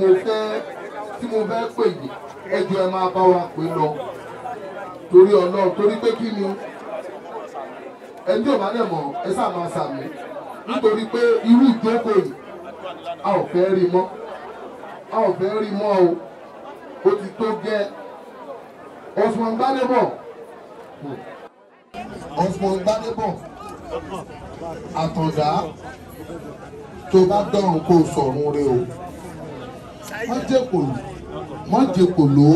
mo fẹ́ tí mo fẹ́ pè yìí ẹjọ ẹ máa bá wa pè lọ torí ọlọ torí pé kí ni ẹni tí ò bá dẹ̀ mọ̀ ẹ sáà máa sàmì nítorí pé irú ìjókòó yìí a ò fẹ́ rí mọ́ a ò fẹ́ rí mọ́ o ó ti tó gẹ́ Osmond Gbádébọ̀ Osmond Gbádébọ̀ àtọ̀dá tó bá dán kó sọ̀run rẹ o. wọ́n jẹ kòló wọ́n jẹ kòló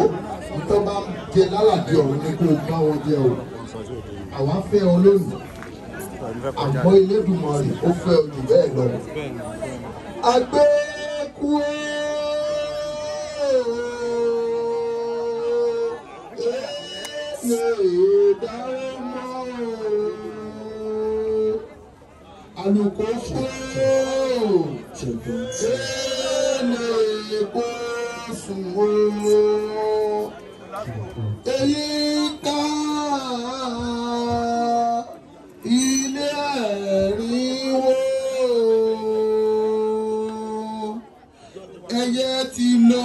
nítorí bá ń jẹ lálàdí ọ̀run ní kó bá wọn jẹ o àwa fẹ́ ọ lónìí àmọ́ Elédùmarè ó fẹ́ ọ jù bẹ́ẹ̀ lọ. àgbẹ̀kú Alùkò e lè bó sùn ooo èyí ká ilé ẹ̀rínwó ẹyẹ ti lọ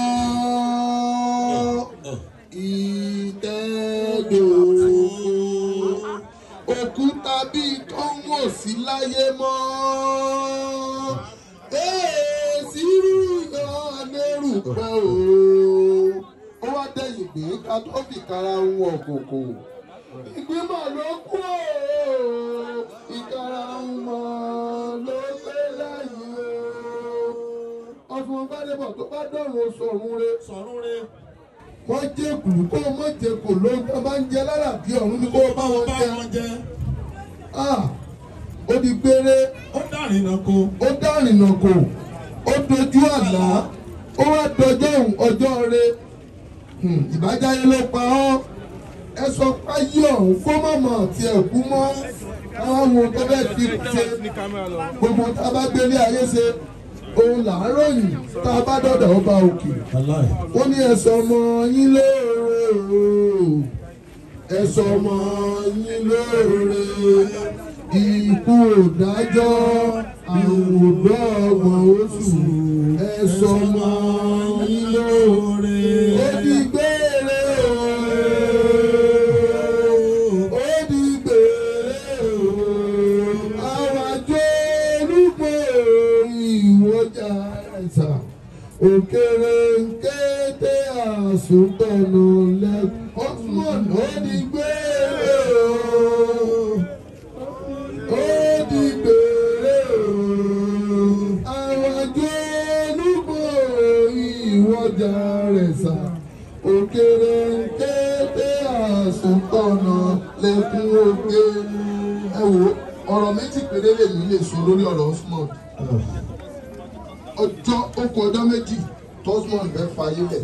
ìtẹ́dò òkúta bíi tó ń wò sí láyé mọ́. pẹ́ ooo ó wá dẹ̀yìn gbé ká tó fi ìgbìmọ̀ ló kú ìkara ló láyé tó bá dọ̀rùn sọ̀rùn re. re. wọ́n kùlù kó o mọ̀ kò ló ń bá ń jẹ lára bí ni kó o bá wọn jẹ. Ah, ó di ó kò. ó kò. ó dojú àlá. ó wá dọjọ́ òun ọjọ́ rẹ hmm, ìbájáyé ló pa ọ́ ẹ sọ páyé ọ̀hún kó má mọ̀ mọ́ àwọn tó bẹ́ẹ̀ fi ṣe gbogbo tá a bá gbélé ayé ṣe òun là ń ròyìn tá a bá dọ̀dọ̀ ọba òkè ó ní ẹ sọ ọmọ yín lóore ẹ ọmọ yín lóore ikú ò àwọn ò ọgbọ̀n oṣù sọmọ yín lóore. o. ó di o. àwọn àjọ olúgbò ìwọjà ẹ̀sà. òkèrè ń kété àsùntọ̀nù lẹ́kọ̀ọ́. Osmond ó di o. lọ́jà rẹ̀ sà òkèrè kété àsùntọ̀nà lẹ́kún òkè ẹ wò ọ̀rọ̀ méjì péré lèmi lè sọ lórí ọ̀rọ̀ Osmond ọjọ́ ó kọ ọjọ́ méjì tó Osmond fẹ́ fayé bẹ̀.